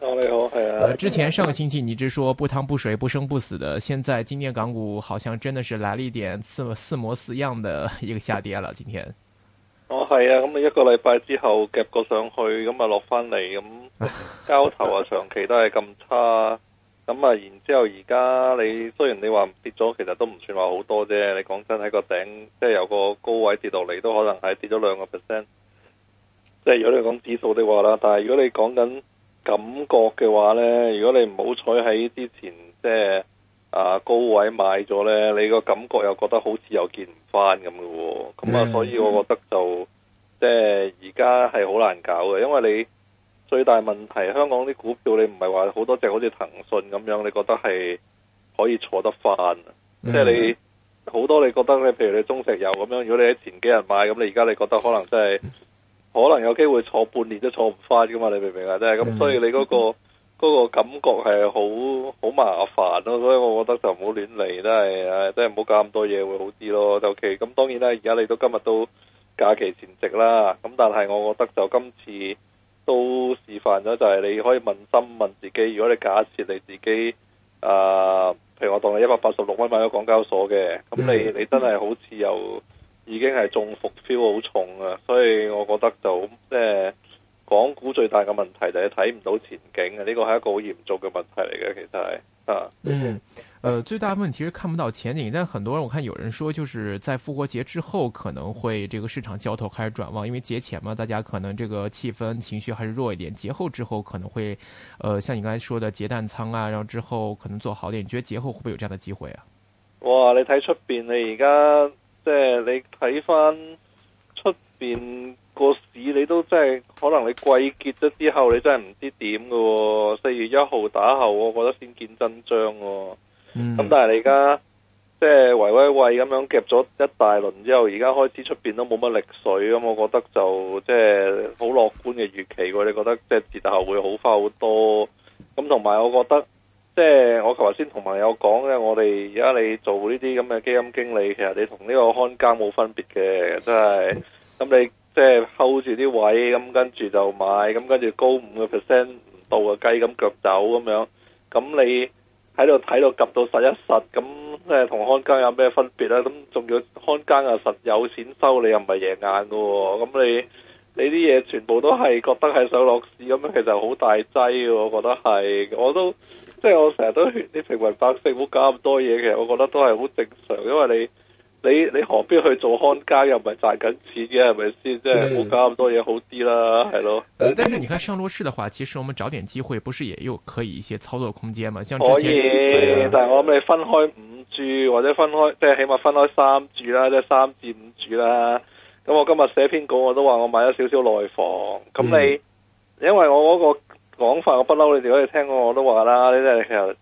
哦、你好係啊，之前上個星期你只說不湯不水不生不死的，現在今年港股好像真的是來了一點似似模似樣的一個下跌啦。今天，哦係啊，咁、嗯、你一個禮拜之後夾個上去，咁啊落翻嚟咁，交投啊長期都係咁差，咁啊 然之後而家你雖然你話跌咗，其實都唔算話好多啫。你講真喺個頂，即係由個高位跌到嚟，都可能係跌咗兩個 percent。即係如果你講指數的話啦，但係如果你講緊。感覺嘅話呢，如果你唔好彩喺之前即係、啊、高位買咗呢，你個感覺又覺得好似又見唔翻咁嘅，咁啊、mm，hmm。所以我覺得就即係而家係好難搞嘅，因為你最大問題香港啲股票你唔係話好多隻好似騰訊咁樣，你覺得係可以坐得翻，mm hmm。即係你好多你覺得咧，譬如你中石油咁樣，如果你喺前幾日買，咁你而家你覺得可能真係。可能有機會坐半年都坐唔翻噶嘛，你明唔明啊？真係咁，所以你嗰、嗰個嗯、個感覺係好好麻煩咯、啊。所以我覺得就唔好亂嚟，真係誒，真係唔好搞咁多嘢會好啲咯。尤其咁，當然啦，而家你都今日都假期前夕啦。咁但係我覺得就今次都示範咗，就係你可以問心問自己，如果你假設你自己誒、呃，譬如我當你一百八十六蚊買咗港交所嘅，咁你你真係好似又～、嗯嗯已經係中伏 feel 好重啊，所以我覺得就即係、呃、港股最大嘅問題就係睇唔到前景啊！呢個係一個好嚴重嘅問題嚟嘅，其實啊，嗯，誒、呃，最大問題係看不到前景，但很多人，我看有人說就是在復活節之後可能會這個市場交投開始轉旺，因為節前嘛，大家可能這個氣氛情緒還是弱一點，節後之後可能會，誒、呃，像你剛才說的結蛋倉啊，然後之後可能做好啲，你覺得節後會不會有這樣的機會啊？哇！你睇出面你而家？即係你睇返出邊個市，你都真係可能你季結咗之後，你真係唔知點㗎、哦。四月一號打後，我覺得先見真章、哦。咁、嗯、但係你而家即係維維衛咁樣夾咗一大輪之後，而家開始出邊都冇乜力水，咁我覺得就即係好樂觀嘅預期、哦。你覺得即係節後會好快好多？咁同埋我覺得。即係我頭先同朋友講咧，我哋而家你做呢啲咁嘅基金經理，其實你同呢個看更冇分別嘅，真係。咁你即係 hold 住啲位，咁跟住就買，咁跟住高五個 percent 到嘅雞，咁腳走咁樣。咁你喺度睇到及到實一實，咁即係同看更有咩分別呀？咁仲要看更又實有錢收，你又唔係贏硬嘅。咁你你啲嘢全部都係覺得係上落市咁樣，其實好大劑嘅，我覺得係，我都。即係我成日都勸啲平民百姓唔好搞咁多嘢嘅，其實我覺得都係好正常。因為你你你何必去做看家又唔係賺緊錢嘅，係咪先？即係唔好搞咁多嘢好啲啦，係咯。 但係你看上落市嘅話，其實我們找點機會，不是也有可以一些操作空間嘛？像之前可以，啊、但係我諗你分開五注或者分開即係起碼分開三注啦，即係三至五注啦。咁我今日寫篇稿，我都話我買咗少少內房。咁你、嗯、因為我嗰、那個。講法我不嬲，你哋可以聽我我都話啦。你即係其實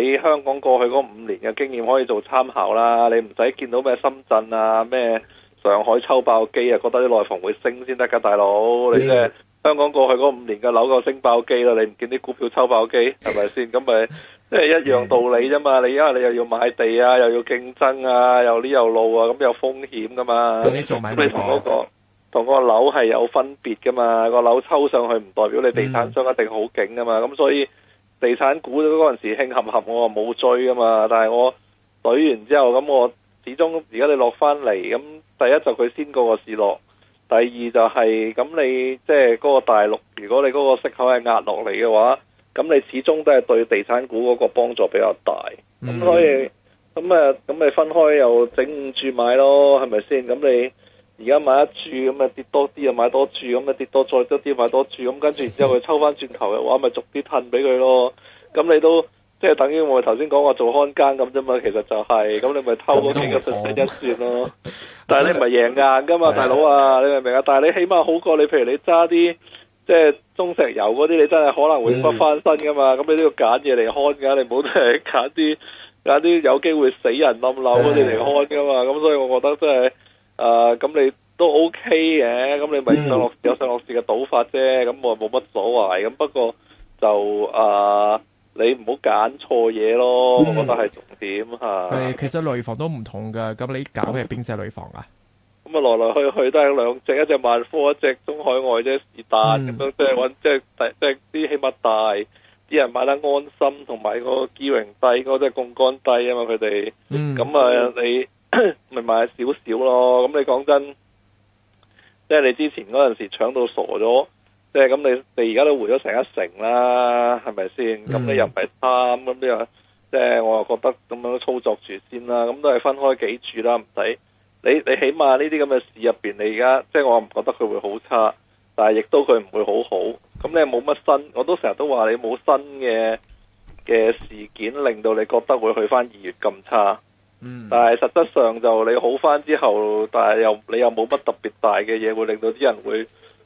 你香港過去嗰五年嘅經驗可以做參考啦。你唔使見到咩深圳啊、咩上海抽爆機啊，覺得啲內房會升先得噶，大佬。你即係香港過去嗰五年嘅樓就升爆機啦，你唔見啲股票抽爆機係咪先？咁咪即係一樣道理啫嘛。你因為你又要買地啊，又要競爭啊，又呢又路啊，咁有風險噶嘛。你做同我講。同個樓係有分別噶嘛？個樓抽上去唔代表你地產商一定好勁噶嘛？咁所以地產股嗰陣時興合合，我冇追噶嘛。但係我懟完之後，咁我始終而家你落翻嚟，咁第一就佢先個市落，第二就係、是、咁你即係嗰個大陸，如果你嗰個息口係壓落嚟嘅話，咁你始終都係對地產股嗰個幫助比較大。咁所以咁啊，咁咪分開又整住買咯，係咪先？咁你。而家買一注咁，啊跌多啲，啊買多注咁，啊跌多再多啲，買多注，咁跟住然之後佢抽翻轉頭嘅話咪逐啲褪俾佢咯。咁你都即係等於我頭先講話做看更咁啫嘛。其實就係、是、咁你咪偷嗰幾個 percent 一算咯。但係你唔係贏硬噶嘛，大佬啊，你明唔明啊？但係你起碼好過你，譬如你揸啲即係中石油嗰啲，你真係可能會不翻身噶嘛。咁、嗯、你都要揀嘢嚟看噶，你唔好都係揀啲揀啲有機會死人冧樓嗰啲嚟看噶嘛。咁所以我覺得真係。誒，咁、啊、你都 OK 嘅，咁你咪上落、嗯、有上落市嘅賭法啫，咁我冇乜所謂，咁不過就誒、啊，你唔好揀錯嘢咯，我覺得係重點吓。啊、其實內房都唔同噶，咁你搞嘅邊隻內房啊？咁啊來來去去都係兩隻，一隻萬科，一隻中海外啫，這個、是但咁樣，即係搵即係即係啲起碼大啲人, das,、right、人買得安心，同埋個 gearing 低，嗰啲槓桿低啊嘛，佢哋，咁啊、嗯嗯、你。咪 買少少咯，咁你講真，即係你之前嗰陣時搶到傻咗，即係咁你你而家都回咗成一成啦，係咪先？咁、嗯、你又唔係貪，咁你話，即係我又覺得咁樣操作住先啦，咁都係分開幾處啦，唔使你你起碼呢啲咁嘅事入邊，你而家即係我唔覺得佢會好差，但係亦都佢唔會好好，咁你又冇乜新，我都成日都話你冇新嘅嘅事件令到你覺得會去翻二月咁差。嗯、但係實質上就你好翻之後，但係又你又冇乜特別大嘅嘢會令到啲人會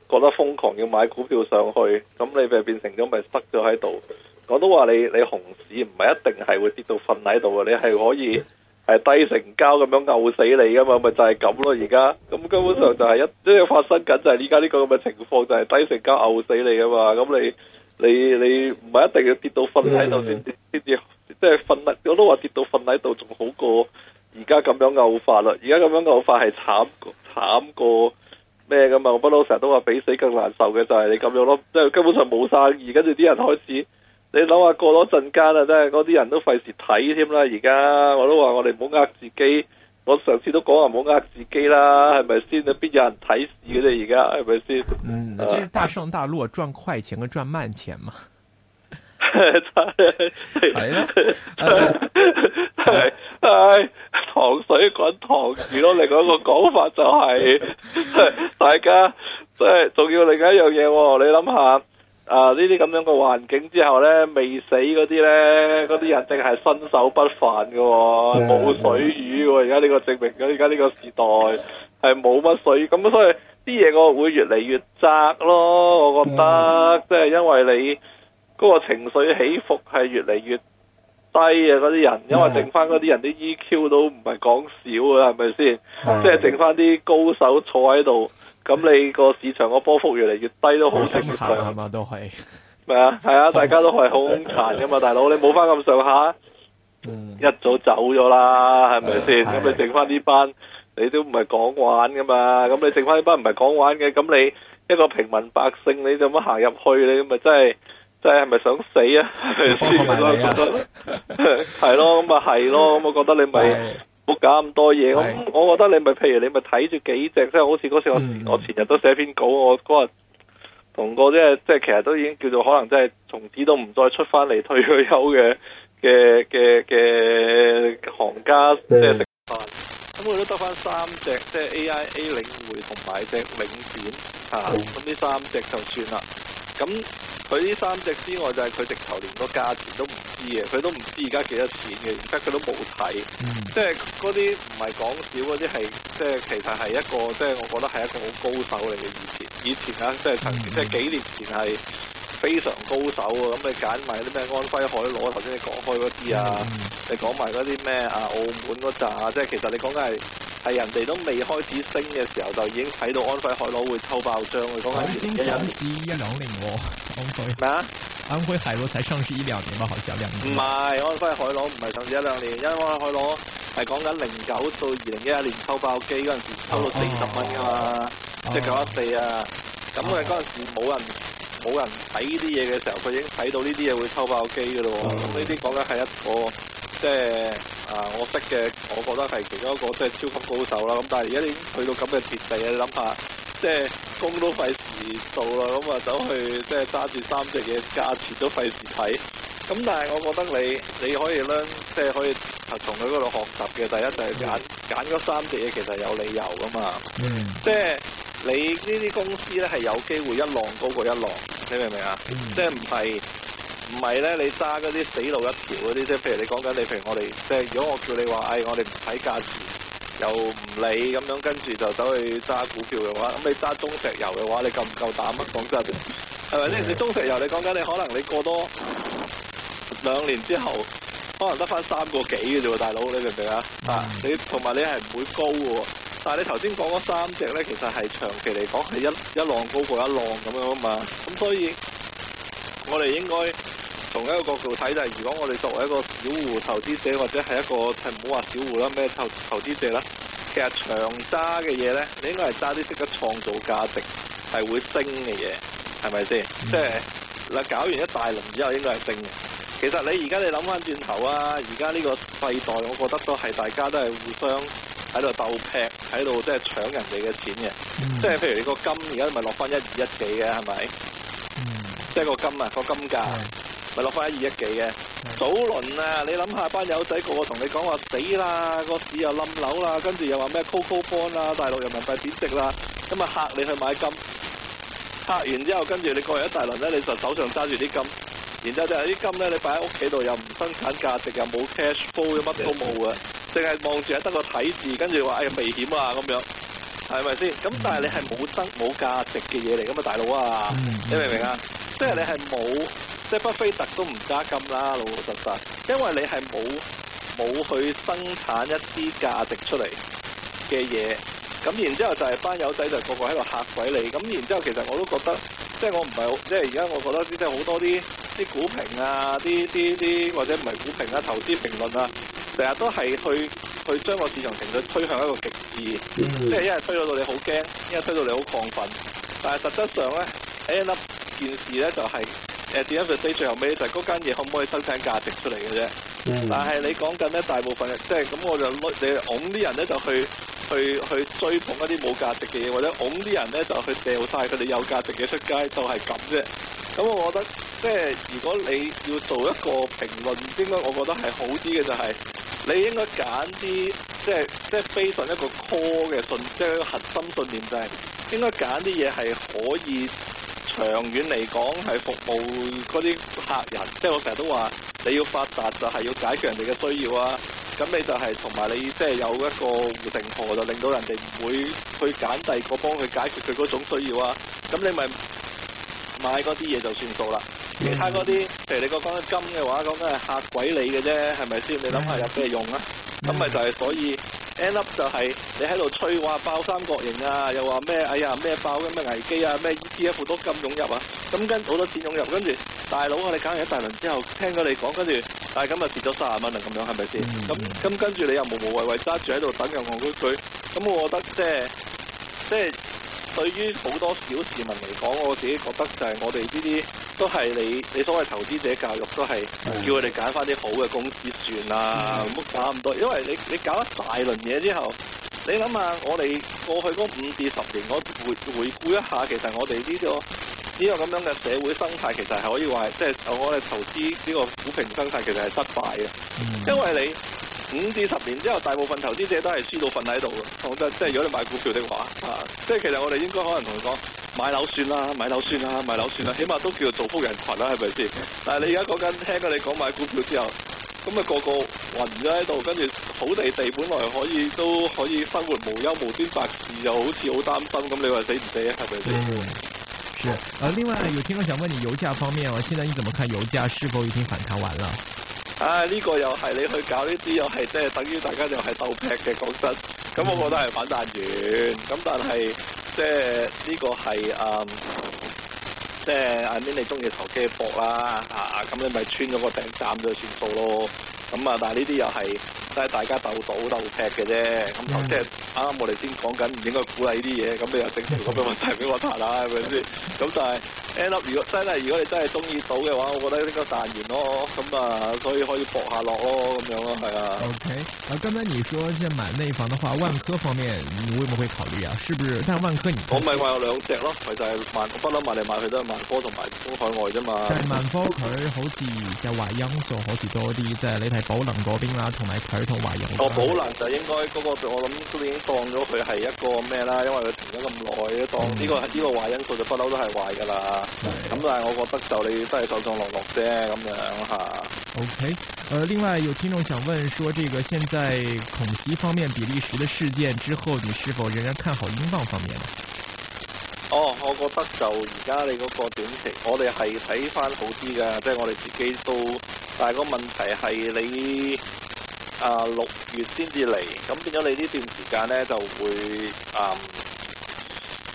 覺得瘋狂要買股票上去，咁你咪變成咗咪塞咗喺度。我都話你你熊市唔係一定係會跌到瞓喺度嘅，你係可以係低成交咁樣漚死你噶嘛，咪就係咁咯。而家咁根本上就係一即係發生緊就係而家呢個咁嘅情況，就係、是、低成交漚死你噶嘛。咁你你你唔係一定要跌到瞓喺度先先至。嗯嗯嗯。即係瞓喺我都話跌到瞓喺度仲好過而家咁樣漚法啦，而家咁樣漚法係慘過慘過咩噶嘛？我不嬲成日都話比死更難受嘅就係、是、你咁樣咯，即係根本上冇生意，跟住啲人開始你諗下過咗陣間啊，真係嗰啲人都費事睇添啦。而家我都話我哋唔好呃自己，我上次都講話唔好呃自己啦，係咪先？邊有人睇事嘅啫，而家係咪先？嗯，這是大上大落賺快錢跟賺慢錢嘛？係係係係，糖水滾糖魚，如果 另外一個講法就係、是， 大家即係仲要另外一樣嘢。你諗下，啊呢啲咁樣嘅環境之後咧，未死嗰啲咧，嗰啲人淨係身手不凡嘅，冇水，水魚。而家呢個證明咗，而家呢個時代係冇乜水魚，咁所以啲嘢我會越嚟越窄咯。我覺得即係 因為你。嗰個情緒起伏係越嚟越低嘅。嗰啲人因為剩翻嗰啲人啲 E.Q. 都唔係講少噶，係咪先？即係的剩翻啲高手坐喺度，咁你個市場個波幅越嚟越低都好正常。係嘛吧都係是，咩啊？係啊！大家都係好殘噶嘛， 大佬你冇翻咁上下， 一早走咗啦，係咪先？咁的你剩翻呢班，你都唔係講玩噶嘛？咁你剩翻呢班唔係講玩嘅，咁你一個平民百姓，你做乜行入去？你咁咪真係？真係咪想死啊？係咪咯，咁咪係咯，咁我覺得你咪冇搞咁多嘢。咁我覺得你咪，譬如你咪睇住幾隻，即係好似嗰時我我前日都寫篇稿，我嗰日同個即係即係其實都已經叫做可能即係從此都唔再出翻嚟退咗休嘅嘅嘅嘅行家即係食飯。咁我都得翻三隻，即係 AIA 領匯同埋隻領展吓。咁呢三隻就算啦。咁佢呢三隻之外，就係佢直頭連個價錢都唔知嘅，佢都唔知而家幾多錢嘅，而家佢都冇睇、嗯，即係嗰啲唔係講少嗰啲，係即係其實係一個即係我覺得係一個好高手嚟嘅。以前以前啊，即係曾即係幾年前係非常高手啊。咁、嗯、你揀埋啲咩安徽海螺頭先你講開嗰啲啊，嗯、你講埋嗰啲咩啊澳門嗰扎，即係其實你講緊係。係人哋都未開始升嘅時候，就已經睇到安徽海螺會抽爆張嘅嗰間。海螺上市一兩年喎，好水咩啊？安徽海螺才上市一兩年嘛？好似一兩年。唔係安徽海螺唔係上市一兩年，因為安徽海螺係講緊零九到二零一一年抽爆機嗰陣時，抽到四十蚊噶嘛，即九一四啊。咁佢嗰陣時冇人冇人睇呢啲嘢嘅時候，佢已經睇到呢啲嘢會抽爆機噶咯。咁呢啲講緊係一個即係啊，我識嘅。我覺得係其中一個即係超級高手啦，咁但係而家已經去到咁嘅田地，你諗下，即係工都費事做啦，咁啊走去即係揸住三隻嘢價錢都費事睇，咁但係我覺得你你可以咧，即係可以同佢嗰度學習嘅，第一就係揀揀嗰三隻嘢，其實有理由噶嘛，即係、嗯、你呢啲公司咧係有機會一浪高過一浪，你明唔明啊？即係唔係？唔係咧，你揸嗰啲死路一條嗰啲啫。譬如你講緊，你譬如我哋，即係如果我叫你話，誒、哎，我哋唔睇價錢，又唔理咁樣，跟住就走去揸股票嘅話，咁你揸中石油嘅話，你夠唔夠膽乜講真？係咪先？你中石油，你講緊你可能你過多兩年之後，可能得返三個幾嘅啫喎，大佬，你明唔明啊？啊，你同埋你係唔會高嘅喎。但係你頭先講嗰三隻咧，其實係長期嚟講係一一浪高過一浪咁樣啊嘛。咁所以，我哋應該。同一個角度睇就係，如果我哋作為一個小戶投資者或者係一個，唔好話小戶啦，咩投投資者啦，其實長揸嘅嘢咧，你應該係揸啲識得創造價值係會升嘅嘢，係咪先？即係嗱，搞完一大輪之後，應該係升嘅。其實你而家你諗翻轉頭啊，而家呢個世代，我覺得都係大家都係互相喺度鬥劈，喺度即係搶人哋嘅錢嘅。即係、嗯、譬如你個金而家咪落翻一二一幾嘅，係咪？即係、嗯、個金啊，個金價。嗯咪落翻二一幾嘅，早輪啊！你諗下，班友仔個個同你講話死啦，個市又冧樓啦，跟住又話咩？COCO bond 啊，大，point, 大陸人民幣貶值啦，咁啊嚇你去買金，嚇完之後，跟住你過完一大輪咧，你就手上揸住啲金，然之後就係啲金咧，你擺喺屋企度又唔生產價值，又冇 cash flow，乜都冇、哎、啊。淨係望住係得個睇字，跟住話誒危險啊咁樣，係咪先？咁但係你係冇生冇價值嘅嘢嚟，㗎嘛，大佬啊，你明唔明啊？即係 你係冇。即係巴菲特都唔加金啦，老老實實，因為你係冇冇去生產一啲價值出嚟嘅嘢，咁然之後就係班友仔就個個喺度吓鬼你，咁然之後其實我都覺得，即係我唔係好，即係而家我覺得即係好多啲啲股評啊，啲啲啲或者唔係股評啊，投資評論啊，成日都係去去將個市場情緒推向一個極致，即係一係推到到你好驚，一係推到你好亢奮，但係實質上咧，呢粒件事咧就係、是。誒點樣分析？Day, 最後尾就嗰間嘢可唔可以生產價值出嚟嘅啫？Mm hmm. 但係你講緊咧，大部分即係咁，就是、我就攞你啲人咧，就去去去追捧一啲冇價值嘅嘢，或者㧬啲人咧，就去掉晒佢哋有價值嘅出街，就係咁啫。咁我覺得即係、就是、如果你要做一個評論，應該我覺得係好啲嘅就係、是，你應該揀啲即係即係非常一個 core 嘅信，即、就、係、是就是就是、一個核心信念就係、是、應該揀啲嘢係可以。長遠嚟講係服務嗰啲客人，即係我成日都話你要發達就係要解決人哋嘅需要啊！咁你就係同埋你即係有一個護城河，就令到人哋唔會去揀第二個幫佢解決佢嗰種需要啊！咁你咪買嗰啲嘢就算數啦。其他嗰啲，譬如你講金嘅話，咁梗係嚇鬼你嘅啫，係咪先？你諗下有咩用啊？咁咪就係所以。End up 就係你喺度吹話爆三角形啊，又話咩，哎呀咩爆咁咩危機啊，咩 ETF 都咁湧入啊，咁跟好多錢湧入，跟住大佬，我哋揀完一大輪之後，聽咗你講，今日跟住但係咁就跌咗卅蚊啊，咁樣係咪先？咁咁跟住你又無無謂謂揸住喺度等銀行股，佢，咁我覺得即係即係。即係對於好多小市民嚟講，我自己覺得就係我哋呢啲都係你你所謂投資者教育，都係叫佢哋揀翻啲好嘅公司算啦，咁、嗯、差唔多。因為你你搞一大輪嘢之後，你諗下我哋過去嗰五至十年，我回回顧一下，其實我哋呢個呢個咁、這個、樣嘅社會生態，其實係可以話即係我哋投資呢個股評生態，其實係失敗嘅，嗯、因為你。五至十年之後，大部分投資者都係輸到瞓喺度，我真，即係如果你買股票的話，啊，即係其實我哋應該可能同你講買樓算啦，買樓算啦，買樓算啦，起碼都叫做造福人群啦，係咪先？但係你而家講緊聽到你講買股票之後，咁啊個個暈咗喺度，跟住好地地本來可以都可以生活無憂無端白事，又好似好擔心咁，你話死唔死啊？係咪先？係啊、呃。另外，有聽眾，想問你，油價方面啊，現在你怎麼看油價是否已經反彈完了？啊！呢、呢個又係你去搞呢啲，又係即係等於大家又係鬥劈嘅講真。咁我覺得係反彈完。咁但係即係呢個係誒，即係阿 Min 你中意投機搏啦，啊咁你咪穿咗個頂站就算數咯。咁啊，但係呢啲又係即係大家鬥賭鬥劈嘅啫。咁頭先啱啱我哋先講緊唔應該鼓勵呢啲嘢，咁你又整條咁嘅問題俾我彈啦，係咪先？咁但係。Up, 如果真係如果你真係中意到嘅話，我覺得呢個賺完咯，咁、嗯、啊，所以可以搏下落咯，咁樣咯，係啊。O K，咁今日如果先買內房嘅話，萬科方面你會唔會考慮啊？是不是？但萬科我咪話有兩隻咯，咪就係萬不嬲買嚟買去都係萬科同埋中海外啫嘛。但係萬科佢好似就壞因素，好似多啲即係。你睇寶能嗰邊啦，同埋佢同壞因素。哦，寶能就應該嗰、嗰個我諗都已經當咗佢係一個咩啦，因為佢停咗咁耐，當呢、呢個呢、嗯呢個壞因、呢個、素就不嬲都係壞噶啦。咁對、嗯、但係我覺得就你都係手足落落啫，咁樣吓。OK，呃，另外有聽眾想問說，這個現在恐襲方面比利時的事件之後，你是否仍然看好英鎊方面呢？哦，我覺得就而家你嗰個短期，我哋係睇翻好啲㗎，即、就、係、是、我哋自己都，但係個問題係你啊六、呃、月先至嚟，咁變咗你呢段時間咧就會啊。呃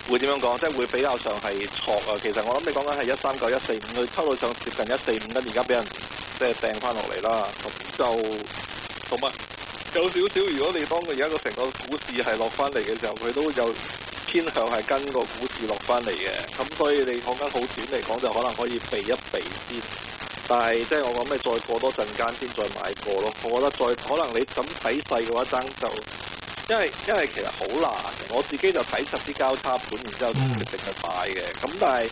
會點樣講？即係會比較上係錯啊！其實我諗你講緊係一三九一四五，佢抽到上接近一四五，跟而家俾人即係掟翻落嚟啦。咁就同埋有少少，如果你當佢而家個成個股市係落翻嚟嘅時候，佢都有偏向係跟個股市落翻嚟嘅。咁、嗯、所以你講緊好短嚟講，就可能可以避一避先。但係即係我諗你再過多陣間先再買過咯。我覺得再可能你咁睇細嘅話，爭就。因為因為其實好難，我自己就睇十支交叉盤，然之後直就整去買嘅。咁、嗯、但係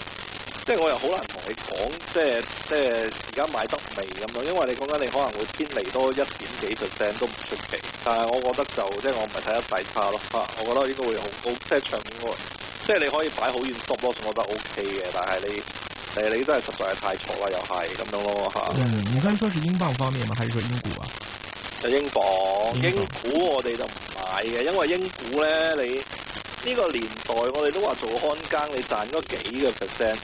即係我又好難同你講，即係即係而家買得未咁樣。因為你講緊你可能會偏離多一點幾 percent 都唔出奇。但係我覺得就即係、就是、我唔係睇得太差咯吓。我覺得應該會好高，即、就、係、是、唱片嗰個即係你可以擺好遠 short 我覺得 OK 嘅。但係你誒，你都係實在係太錯啦，又係咁樣咯吓。啊、嗯，你剛說是英鎊方面是是嗎？還是說英股啊？就英鎊，英股我哋都。係嘅，因為英股咧，你呢個年代我哋都話做看更，你賺咗幾個 percent，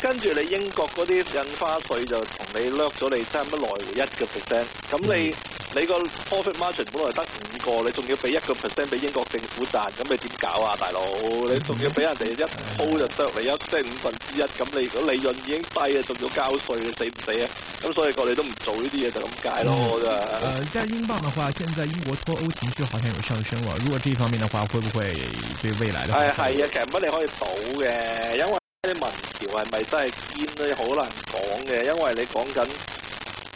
跟住你英國嗰啲印花稅就同你掠咗你差唔多來回一個 percent，咁你。你個 profit margin 本來得五個，你仲要俾一個 percent 俾英國政府賺，咁你點搞啊，大佬？你仲要俾人哋一鋪就啄你一即係、哎、呀五分之一，咁你如果利潤已經低啊，仲要交稅你死唔死啊？咁所以我哋都唔做呢啲嘢，就咁解咯，真係、哦。誒、呃，即英鎊嘅話，現在英國脫歐情緒好像有上升啦。如果呢方面嘅話，會唔會對未來的？誒係啊，其實乜你可以倒嘅，因為啲民調係咪真係堅咧，好難講嘅。因為你講緊。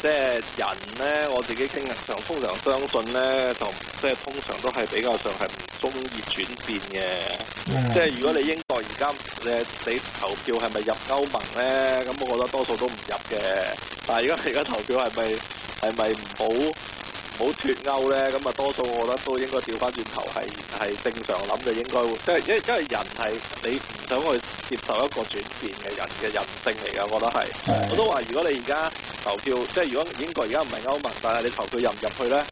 即係人咧，我自己傾啊，常通常相信咧，就即係通常都係比較上係唔中意轉變嘅。 即係如果你英國而家你你投票係咪入歐盟咧，咁我覺得多數都唔入嘅。但係而家而家投票係咪係咪唔好，冇脫歐咧，咁啊多數我覺得都應該掉翻轉頭，係係正常諗嘅應該會，即係因為因為人係你唔想去接受一個轉變嘅人嘅人性嚟㗎，我覺得係，的我都話如果你而家投票，即係如果英國而家唔係歐盟，但係你投票入唔入去咧？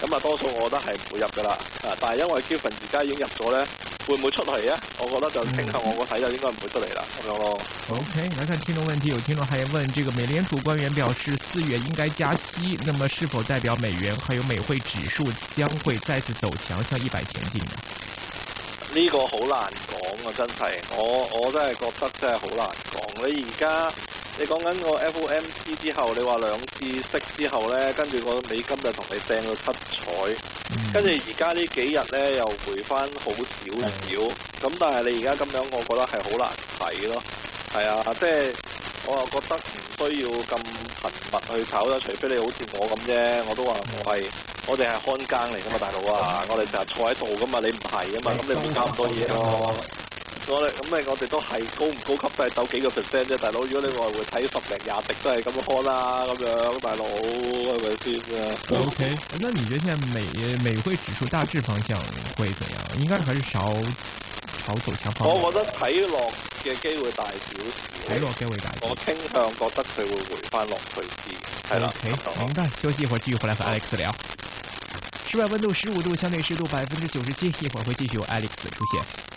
咁啊，多數我覺得係唔會入噶啦，啊！但係因為 Kevin 而家已經入咗咧，會唔會出去啊？我覺得就聽下我個睇就應該唔會出嚟，啦，咁樣咯。OK，來看聽眾問題，有聽眾還問：這個美聯儲官員表示四月應該加息，那麼是否代表美元還有美匯指數將會再次走強向一百前進呢？呢個好難講啊！真係，我我真係覺得真係好難講。你而家。你講緊個 FOMC 之後，你話兩次息之後咧，跟住個美金就同你掟到七彩，跟住而家呢幾日咧又回翻好少少，咁但係你而家咁樣，我覺得係好難睇咯。係啊，即係我又覺得唔需要咁頻密去炒啦，除非你好似我咁啫，我都話我係我哋係看更嚟噶嘛，大佬啊，我哋成日坐喺度噶嘛，你唔係啊嘛，咁你唔搞咁多嘢咁咧，我哋都係高唔高級都係走幾個 percent 啫，大佬。如果你外匯睇十零廿 percent 都係咁樣看啦，咁樣，大佬係咪先啊？O K，那你覺得現在美美匯指數大致方向會怎樣？應該還是少少走強方。我覺得睇落嘅機會大少，睇落機會大。我傾向覺得佢會回翻落去先。係啦，O K。好，唔該，休息一會，繼續回來和 Alex 聊。室外溫度十五度，相對濕度百分之九十七。一會會繼續有 Alex 出現。